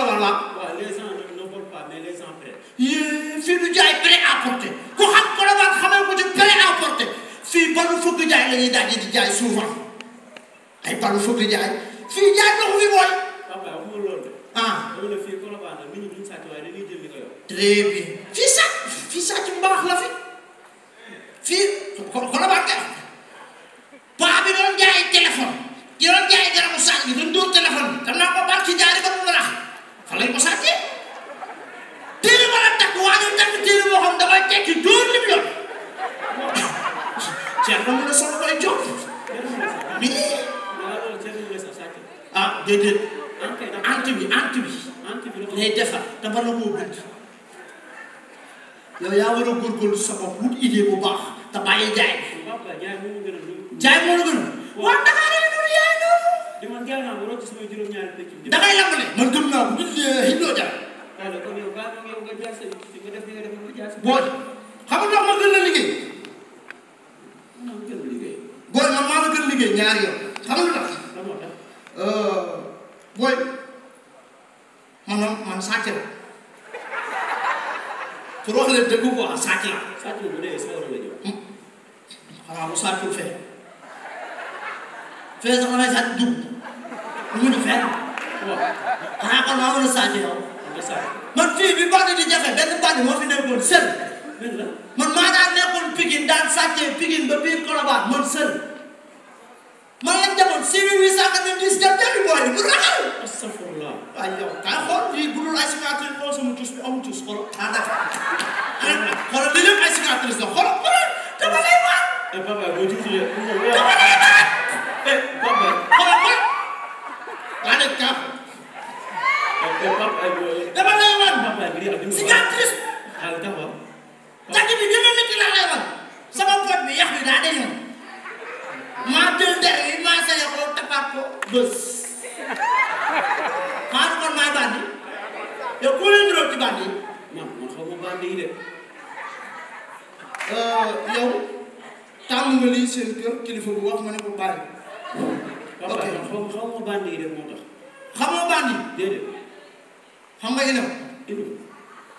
la war waaw. waaw les gens ne portent pas mais les gens prêtent. fii du jaay prêt à porter ku xam ko la war xamal ko fii balu la ñuy ah. mbaax la fi fii Colobane def jaay téléphone di jaay garabu sàcc bi doon dóor téléphone bi. kaay naa waroo gis mooy juróom-ñaari pecc bi. da ngay lambale man gëm naa ko gis xilloo jar. booy xam nga ma gën la liggéey. non gën la liggéey. booy man maa la gën liggéey ñaari yoon xam nga euh, booy man man sàcc la. pour wax leen dëgg quoi sàcc la. sàcc bu dee sa war a la fee. fee sax damay sàcc dugub. lu mu def fenn xanaa kon maa mën a Sadio yow man fii bi bandi di jafe benn bandi moo fi nekkoon sel man maa daan nekkoon Pikine daan sàccee Pikine ba biir Colobane man sel man lañ demoon six mille huit cent quatre-vingt-dix dem jëndi booy bu raxal astafurlah waaye yow kay xool fii bu dul ay cicatrice xool sama tus bi amul tus xool ah d'accord xoolal li lépp ay cicatrice la xool xoolal dama lay wax eh, cicatrice dagg bi gën a métti la lay wax sama pot bi yàq bi daa dañu maa jël der yi maa sale ko tapaat ko bës maa du kon maay bandi yow ku leen niroog ci bandi man man xaw ma bandi yi de euh, yow tàmm nga lii seen kër kilifa bu wax ma ne ko bàyyi ok xaw ma bandi yi de moo tax xamoo bandi déedéet xam nga ilam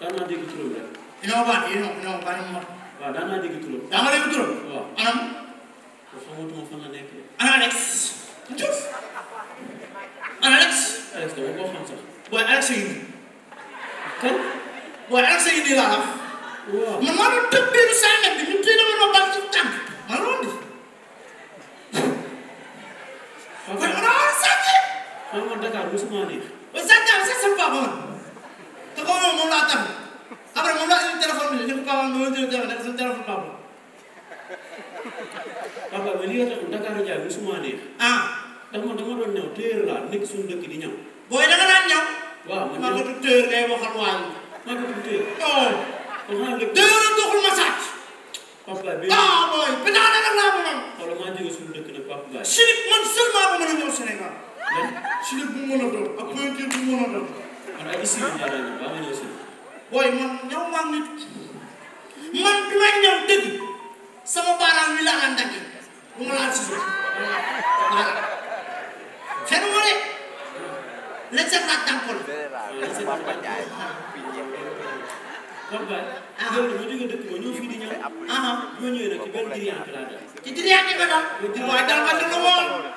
daan naa dégg turam rek. dina ma baal yéen a ma baal ma. waaw daan naa dégg turam. daa ma dégg turam. waaw anam. waaw xamatuma fan la nekk de. ana Alex. Diouf. ana Alex. Alex dama koo xam sax. booy Alex a ngi nii. kan. booy Alex a ngi nii laa wax. waaw man maa doon tëb biiru saa nekk bi ñu kii booy man ñëw maa ngi nit man bi may ñëw dëgg sama baaraam wi laa daan dagge bu ma laal si suuf fenn ma de le set laa tànkol kon daal loolu ah. ñu jógee dëkk ba ñoo fii di ñëw ah. ñoo ñëwee nag ci benn diriyaan bi laa def ci diriyaan bi nga doon waaye dal ma dal ma woon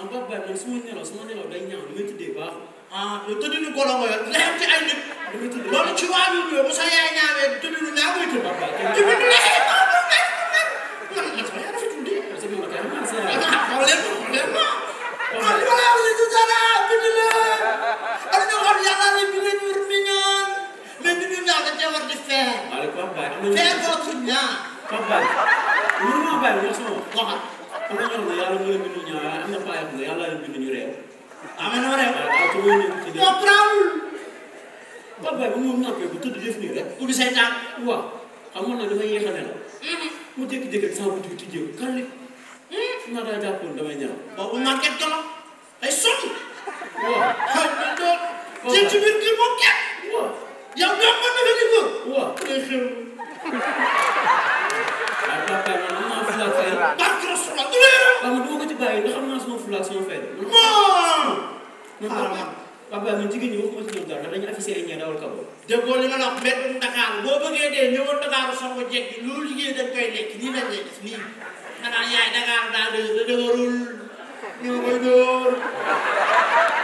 xam nga baay man su ma nelaw su ma nelaw day ñaaw li may tuddee baaxul. ah tëddinu golo nga yor day am ci ay nit. li may tuddee loolu ci waa bi ñëw bu sa yaay ñaawee tëddinu ñaaw koy tudd. waaw ubbi say tànk waaw xam nga nag dafa yéex a nelaw mm-hmm. mu jékki-jékki sama bunt bi tijjeeku kan li mm-hmm. su ma daa jàppoon damay ñaaw ba dafa di góor waaw day xew waaw xam nga du ko ci bàyyi nga xam naa sama fulaak sama fay moom papa man jigéen ñi waxuma ci ñoom dara dañu affiché ñee dawal kaw déggoo li ma la wax mbedd Dakar boo bëggee dee ñëwal Dakar soxla jekk bi loolu liggéey dañ koy lekk nii lañ lay def nii xanaa yaay Dakar daal de dëgërul ñoo koy dóor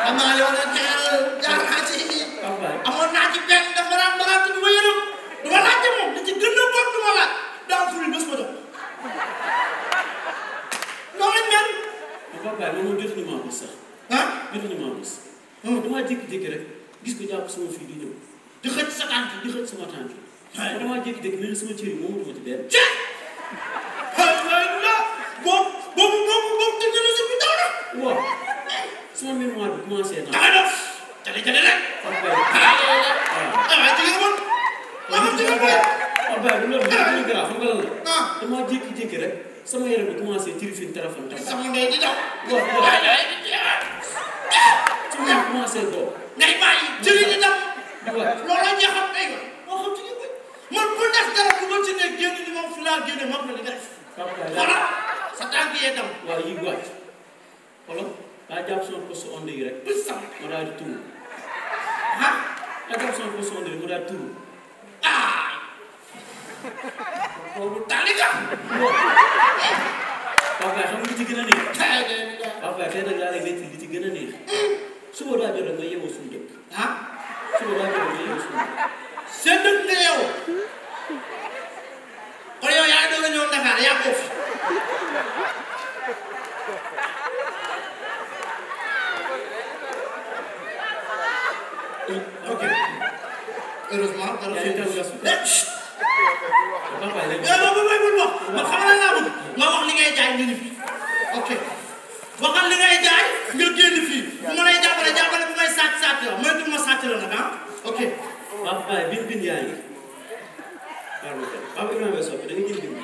xam naa yow la jaar jaar naa ci amoon du ma yërëm du ma laajte moom li ci gën a bon du ma laaj daa furi bés ma jox loolu lañ mel papa loolu ma bés sax non damaa jékki-jékki rek gis ko jàpp sama fii di ñëw di xëcc sa tànk di xëcc sama tànk damaa jékki-jékki mais sama cër yi moom dama ci benn waay xoolal daa jàpp sama poste onde yi rek pës sax mu daal di tuuru ah daa jàpp sama poste onde yi mu daal di tuuru ah kooku taalika waaw xam nga li ci gën a neex waaw kay tey ci gën suba daa jot nga yeewoo suñu dëkk suba daa jot nga yeewoo suñu dëkk seen Pape Baye biir bind yaa ngi pardon Pape Ibrahima Sopp da nga jaay ma.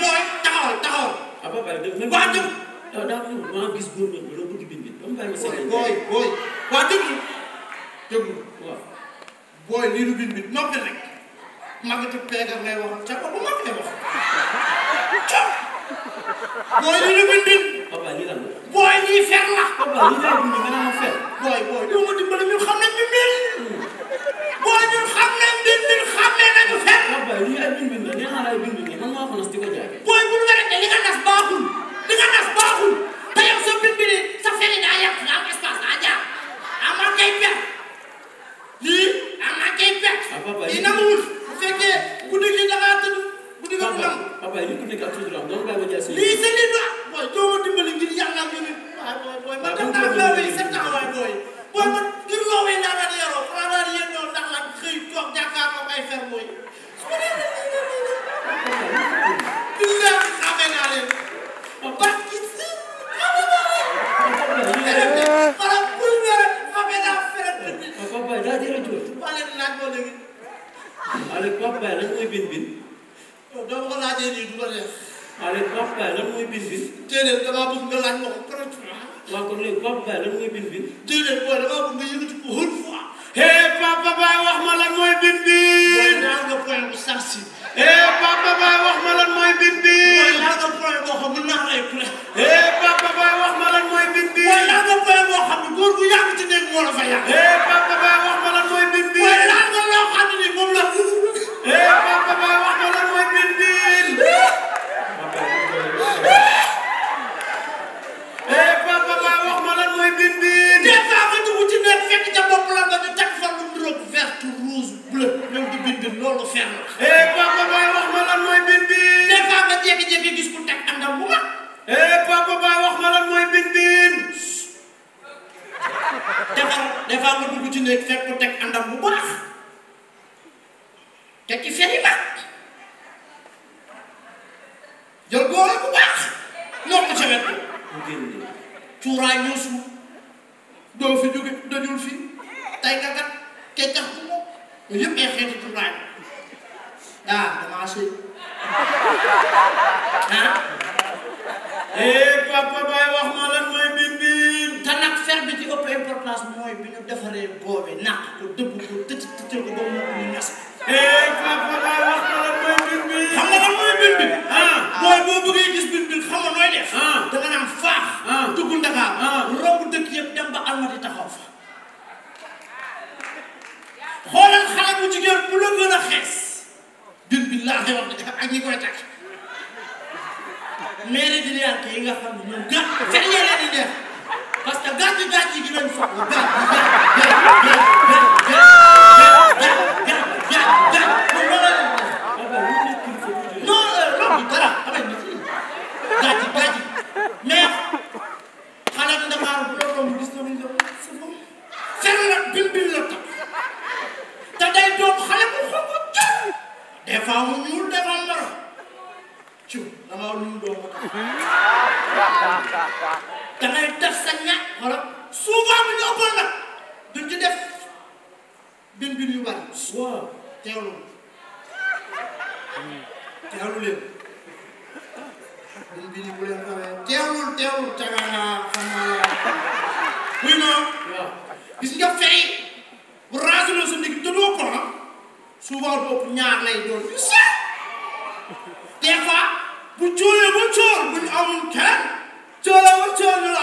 booy taxawal taxawal. ah Pape Baye def na. waa jëm. ah daa ko maa gis góor ñoom loolu bëgg bind. ma seen booy booy waa déglu déglu ca booy lii du bind bind. lii fer la. waaw lii laa dund nga naan fer. booy booy doo ma dimbali ñun xam nañ ñu mbir. booy ñun xam nañ mbir mbir xamee nañu fer. waaw lii ay bind la nee naa la ay bind la man maa ko nas di ko jaage. booy bu ñu werante li nga nas baaxul li nga nas baaxul te yow sa bind bi sa fer yi daa yàq nga am espace daa jaar ah maa ngi koy perte lii ah maa ngi koy perte. ah papa yi lii na ma wut bu fekkee ku digg da ngaa tëdd bu digg du nangu. papa papa yi ku nekk ak toujours am donc bàyyi ma jaay si. lii sëñ bi du ah booy doo ma dimbali ngir yàlla ak yonent booy man def naa loolu yi sept ans waay booy booy man ngir loowee naa daan yaroo xanaa daan yéen ñoo ndax lan xëy toog jàkkaarloo ay fer mooy waaw léegi Pape Baye lan mooy bin bin. déedéet damaa bëgg nga laaj ma ko maa ko léegi papa Baye lan mooy bin bin. déedéet booy damaa bëgg nga yëngatu ko une fois. wax ma lan mooy bin bin. mooy naan nga point bu sarsi. eh wax ma lan mooy bin bin. mooy naan nga point boo xam ne naan lay plaire. eh papa Baye wax te ci seen i mag jël góor bu baax ñoo ko sa wet cuuraay ñoo doo fi jóge dajul fi tey nga kat te tax ku moom yëpp ay xeeti cuuraay ah damaa sëy ah eh papa bay wax ma lan mooy bimbim te nag fer bi ci ëpp importance mooy bi ñu defaree boobi naq ko dëbb ko ëppal nag duñ ci yi naa muy noonu. waaw gis nga fey bu raasaloon sa ndig te doo ko xam souvent boobu ñaar lay doon yu bu cóolee ba cóor bu ñu amul kenn cóolee ba cóor ñu la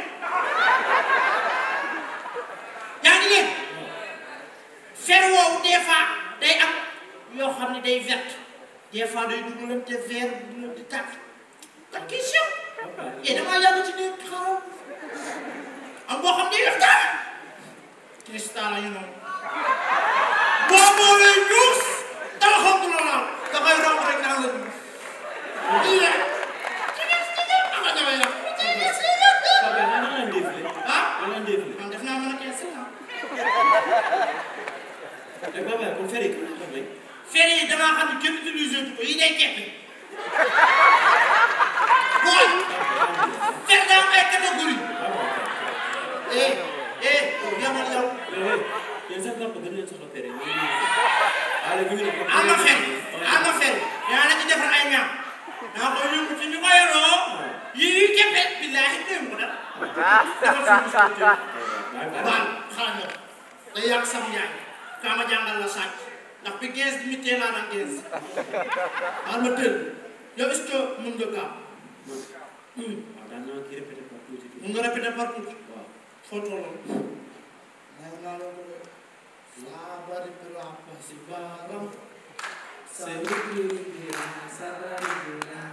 bi day verte des fois day dugalante vert dugalante tàkk kon kii si yow damaa yàgg ci nekk xaw am boo xam ne day def dara cristal la ñu noonu boo moo lay ñuus dama xam du la laal da koy romb rek naan la ñuus lii la ah man def naa mën a 15 ans. fere yi damaa xam ne kenn utilisé ko yi day keppi mooy fekk naa am ay catégorie eh eh yamal yow. Eh, yéen sax napp gën leen soxla fere yi. am na fere am yaa la ci defar ay ñaam yaa ko yóbbu ci ñu ko yoroo yii keppe billaahi téem ko dara. dafa suñu waaw xaaral day yàq sam yaay kaama jàngal la sàcc ndax bi gees na gees waaw ma tël yow est-ce que mun nga kaa. Hmm. waaw daan naa kii répété la ko de. laa bari bi laa